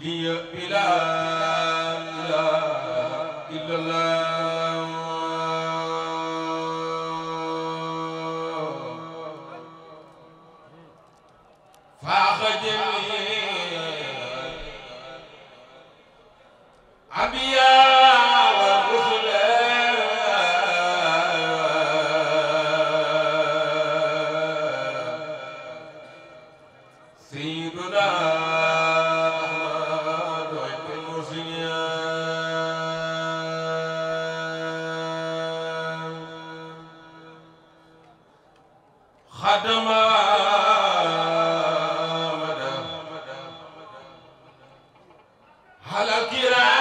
لي بلا halakira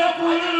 تقل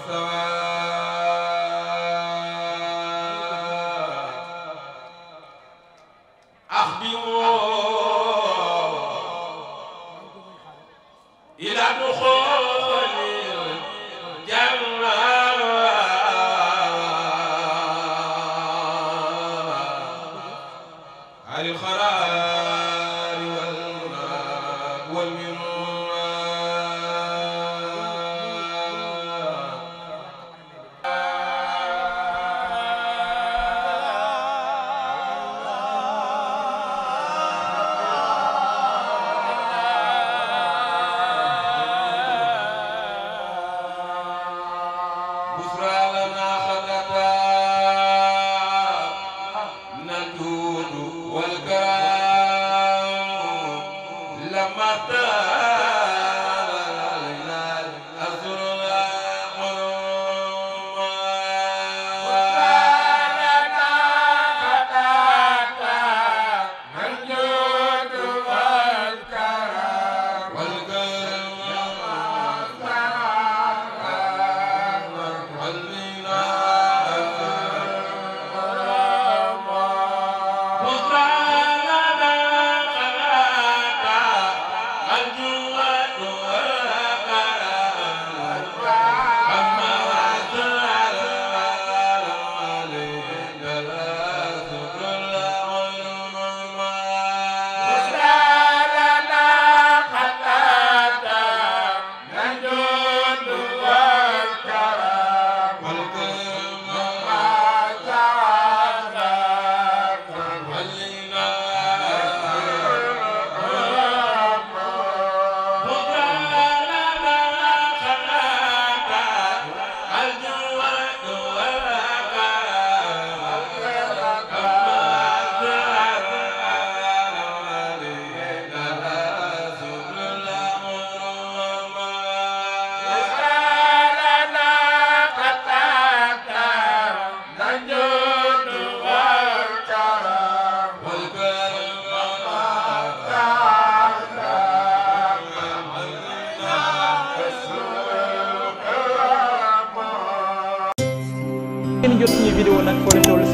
السماء